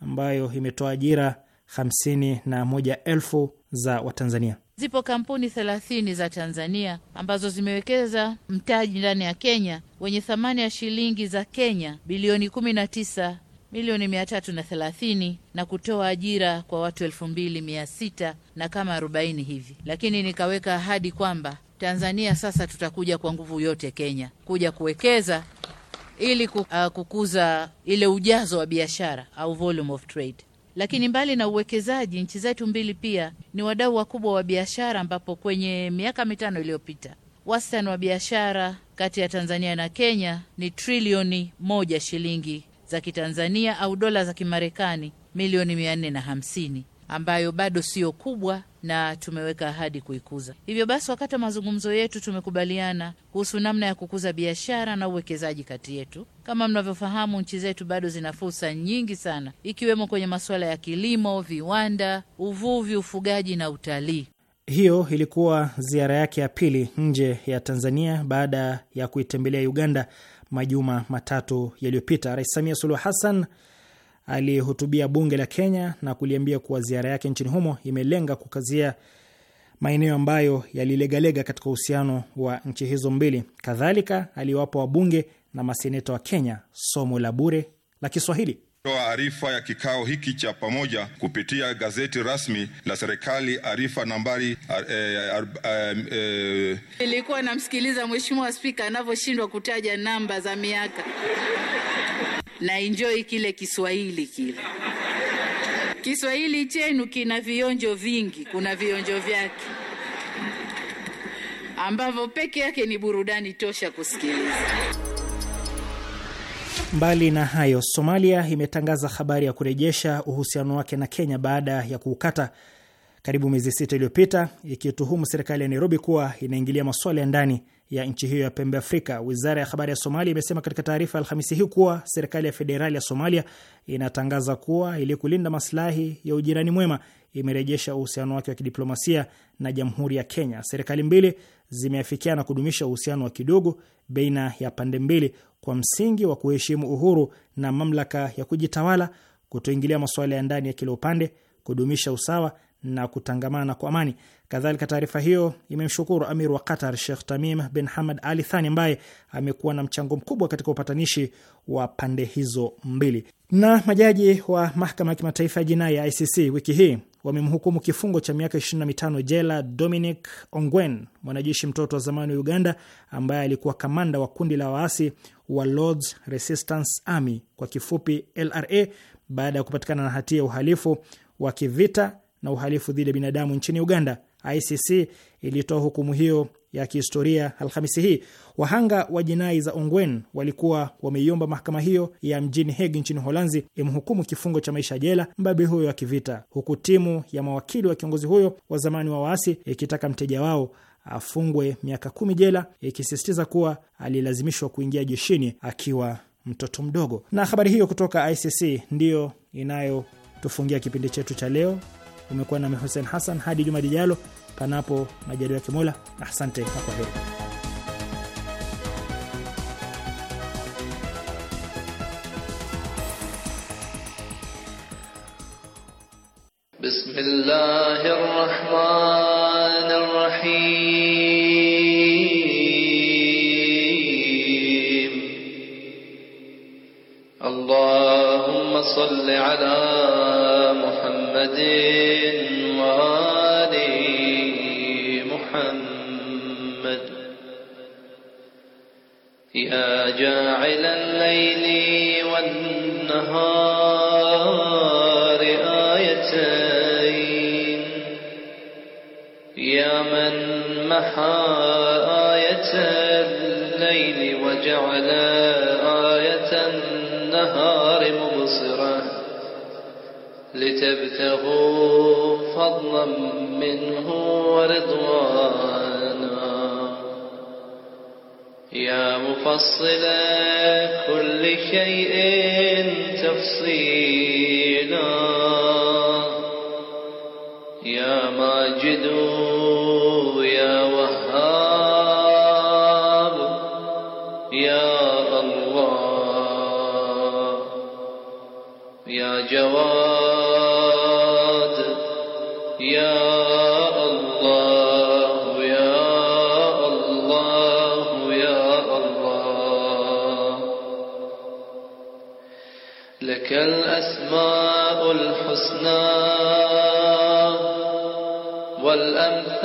ambayo imetoa ajira 51,000 za Watanzania. Zipo kampuni 30 za Tanzania ambazo zimewekeza mtaji ndani ya Kenya wenye thamani ya shilingi za Kenya bilioni 19 milioni mia tatu na thelathini na kutoa ajira kwa watu elfu mbili mia sita na kama arobaini hivi, lakini nikaweka ahadi kwamba Tanzania sasa tutakuja kwa nguvu yote Kenya kuja kuwekeza ili uh, kukuza ile ujazo wa biashara au volume of trade. Lakini mbali na uwekezaji, nchi zetu mbili pia ni wadau wakubwa wa biashara, ambapo kwenye miaka mitano iliyopita wastani wa biashara kati ya Tanzania na Kenya ni trilioni moja shilingi za Kitanzania au dola za Kimarekani milioni mia nne na hamsini ambayo bado siyo kubwa na tumeweka ahadi kuikuza. Hivyo basi, wakati wa mazungumzo yetu tumekubaliana kuhusu namna ya kukuza biashara na uwekezaji kati yetu. Kama mnavyofahamu, nchi zetu bado zina fursa nyingi sana, ikiwemo kwenye masuala ya kilimo, viwanda, uvuvi, ufugaji na utalii. Hiyo ilikuwa ziara yake ya pili nje ya Tanzania baada ya kuitembelea Uganda majuma matatu yaliyopita. Rais Samia Suluhu Hassan alihutubia bunge la Kenya na kuliambia kuwa ziara yake nchini humo imelenga kukazia maeneo ambayo yalilegalega katika uhusiano wa nchi hizo mbili. Kadhalika, aliwapa wabunge na maseneta wa Kenya somo la bure la Kiswahili toa arifa ya kikao hiki cha pamoja kupitia gazeti rasmi la serikali arifa nambari eh, ar, ar, ar, ar. namsikiliza mheshimiwa spika anavyoshindwa kutaja namba za miaka na enjoy kile Kiswahili kile Kiswahili chenu kina vionjo vingi, kuna vionjo vyake ambavyo peke yake ni burudani tosha kusikiliza. Mbali na hayo, Somalia imetangaza habari ya kurejesha uhusiano wake na Kenya baada ya kuukata karibu miezi sita iliyopita, ikituhumu serikali ya Nairobi kuwa inaingilia masuala ya ndani ya nchi hiyo ya pembe Afrika. Wizara ya habari ya Somalia imesema katika taarifa ya Alhamisi hii kuwa serikali ya federali ya Somalia inatangaza kuwa ili kulinda masilahi ya ujirani mwema imerejesha uhusiano wake wa kidiplomasia na jamhuri ya Kenya. Serikali mbili zimeafikia na kudumisha uhusiano wa kidugu baina ya pande mbili kwa msingi wa kuheshimu uhuru na mamlaka ya kujitawala, kutoingilia masuala ya ndani ya kila upande, kudumisha usawa na kutangamana kwa amani. Kadhalika, taarifa hiyo imemshukuru Amir wa Qatar Shekh Tamim bin Hamad Ali Thani ambaye amekuwa na mchango mkubwa katika upatanishi wa pande hizo mbili. Na majaji wa mahakama ya kimataifa ya jinai ya ICC wiki hii wamemhukumu kifungo cha miaka 25 jela Dominic Ongwen, mwanajeshi mtoto wa zamani wa Uganda ambaye alikuwa kamanda wa kundi la waasi wa Lords Resistance Army, kwa kifupi LRA, baada ya kupatikana na hatia ya uhalifu wa kivita na uhalifu dhidi ya binadamu nchini Uganda. ICC ilitoa hukumu hiyo ya kihistoria Alhamisi hii. Wahanga wa jinai za Ongwen walikuwa wameiomba mahakama hiyo ya mjini Hague nchini Holanzi imhukumu kifungo cha maisha jela mbabe huyo wa kivita, huku timu ya mawakili wa kiongozi huyo wa zamani wa waasi ikitaka mteja wao afungwe miaka kumi jela, ikisisitiza kuwa alilazimishwa kuingia jeshini akiwa mtoto mdogo. Na habari hiyo kutoka ICC ndiyo inayotufungia kipindi chetu cha leo. Umekuwa nami Hussein Hassan hadi juma lijalo, panapo majaliwa ya Mola. Asante na kwa heri. Rahim. Allahumma salli ala Muhammad محمد وآل محمد يا جاعل الليل والنهار آيتين يا من محا آية الليل وجعلها لتبتغوا فضلا منه ورضوانا يا مفصل كل شيء تفصيلا يا ماجد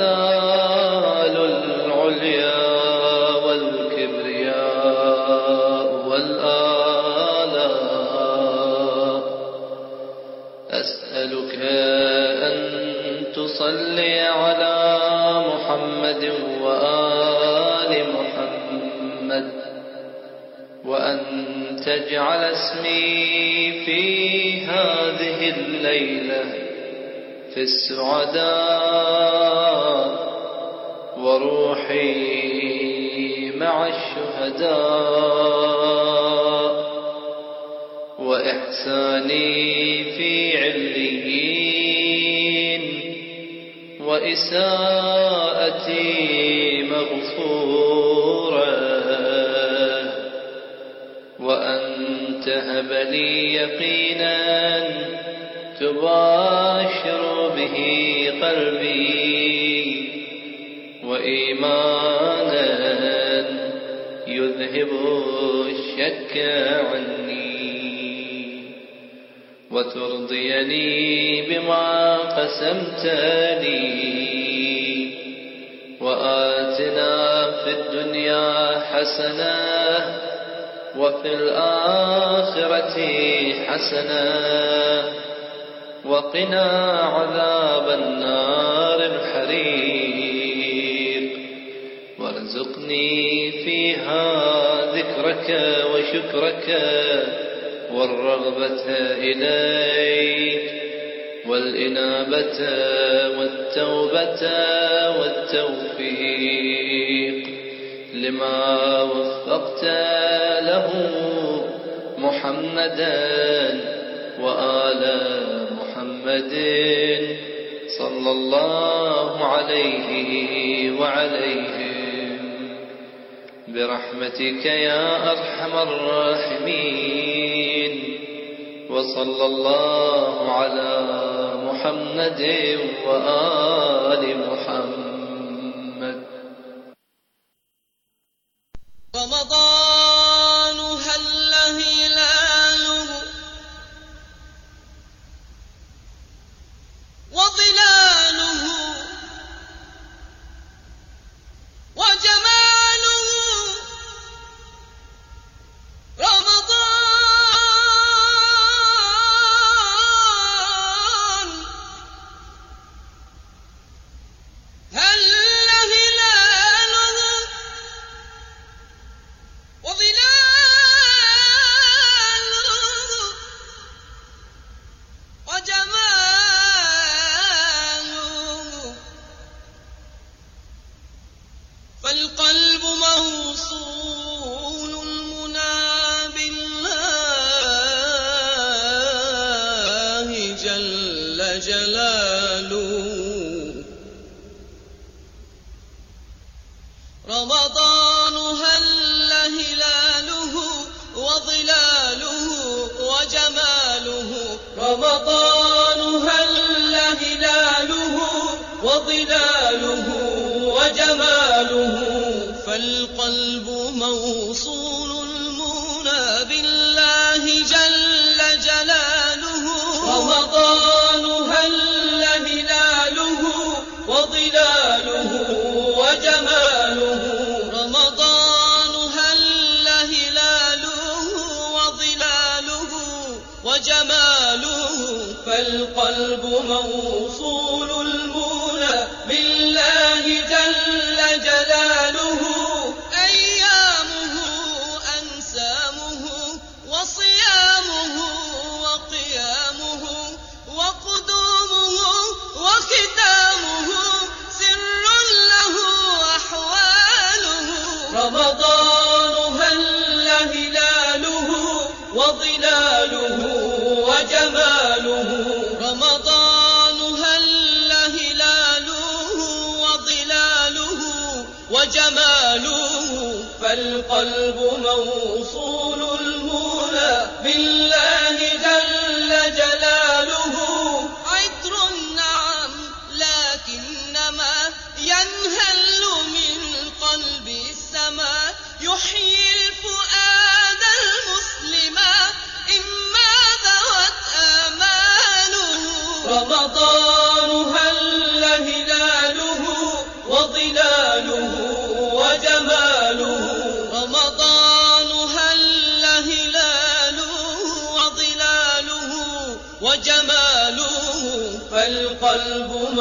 الأمثال العليا والكبرياء والآلاء أسألك أن تصلي على محمد وآل محمد وأن تجعل اسمي في هذه الليلة في السعداء وروحي مع الشهداء وإحساني في عليين وإساءتي مغفورة وأنت هب لي يقينا تباشر به قلبي إيمانا يذهب الشك عني وترضيني بما قسمت لي وآتنا في الدنيا حسنة وفي الآخرة حسنة وقنا عذاب النار الحريق ارزقني فيها ذكرك وشكرك والرغبة إليك والإنابة والتوبة والتوفيق لما وفقت له محمدا وآل محمد صلى الله عليه وعليه برحمتك يا أرحم الراحمين وصلى الله على محمد وآل محمد رمضان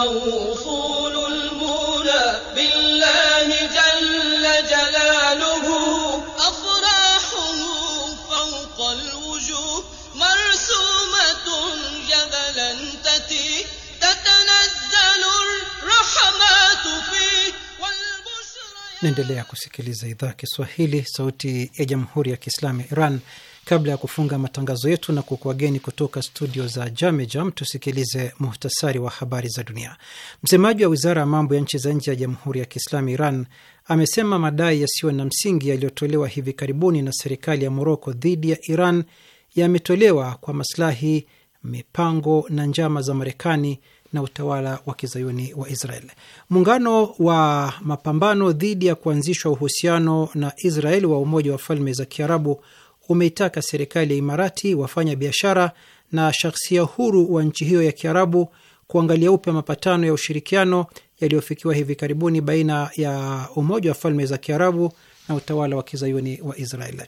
موصول المولى بالله جل جلاله أفراحه فوق الوجوه مرسومة جبلا تتي تتنزل الرحمات فيه والبشرى kusikiliza idhaa ya Kiswahili, sauti صوتي يا ya kiislamu ya Iran Kabla ya kufunga matangazo yetu na kukuageni kutoka studio za Jamejam, tusikilize muhtasari wa habari za dunia. Msemaji wa wizara ya mambo ya nchi za nje ya Jamhuri ya Kiislamu Iran amesema madai yasiyo na msingi yaliyotolewa hivi karibuni na serikali ya Moroko dhidi ya Iran yametolewa kwa masilahi mipango na njama za Marekani na utawala wa kizayuni wa Israel. Muungano wa mapambano dhidi ya kuanzishwa uhusiano na Israel wa Umoja wa Falme za Kiarabu umeitaka serikali ya Imarati, wafanya biashara na shakhsia huru wa nchi hiyo ya Kiarabu kuangalia upya mapatano ya ushirikiano yaliyofikiwa hivi karibuni baina ya Umoja wa Falme za Kiarabu na utawala wa kizayuni wa Israel.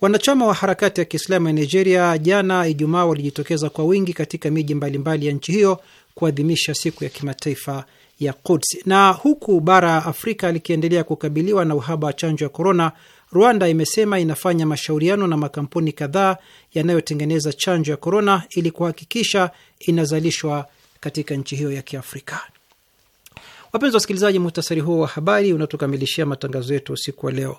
Wanachama wa harakati ya Kiislamu ya Nigeria jana Ijumaa walijitokeza kwa wingi katika miji mbalimbali ya nchi hiyo kuadhimisha siku ya kimataifa ya Quds. Na huku bara Afrika likiendelea kukabiliwa na uhaba wa chanjo ya korona, Rwanda imesema inafanya mashauriano na makampuni kadhaa yanayotengeneza chanjo ya korona ili kuhakikisha inazalishwa katika nchi hiyo ya Kiafrika. Wapenzi wasikilizaji, muhtasari huo wa habari unatukamilishia matangazo yetu usiku wa leo.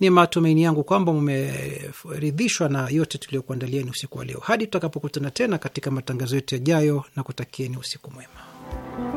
Ni matumaini yangu kwamba mmeridhishwa na yote tuliyokuandalieni usiku wa leo. Hadi tutakapokutana tena katika matangazo yetu yajayo, na kutakieni usiku mwema.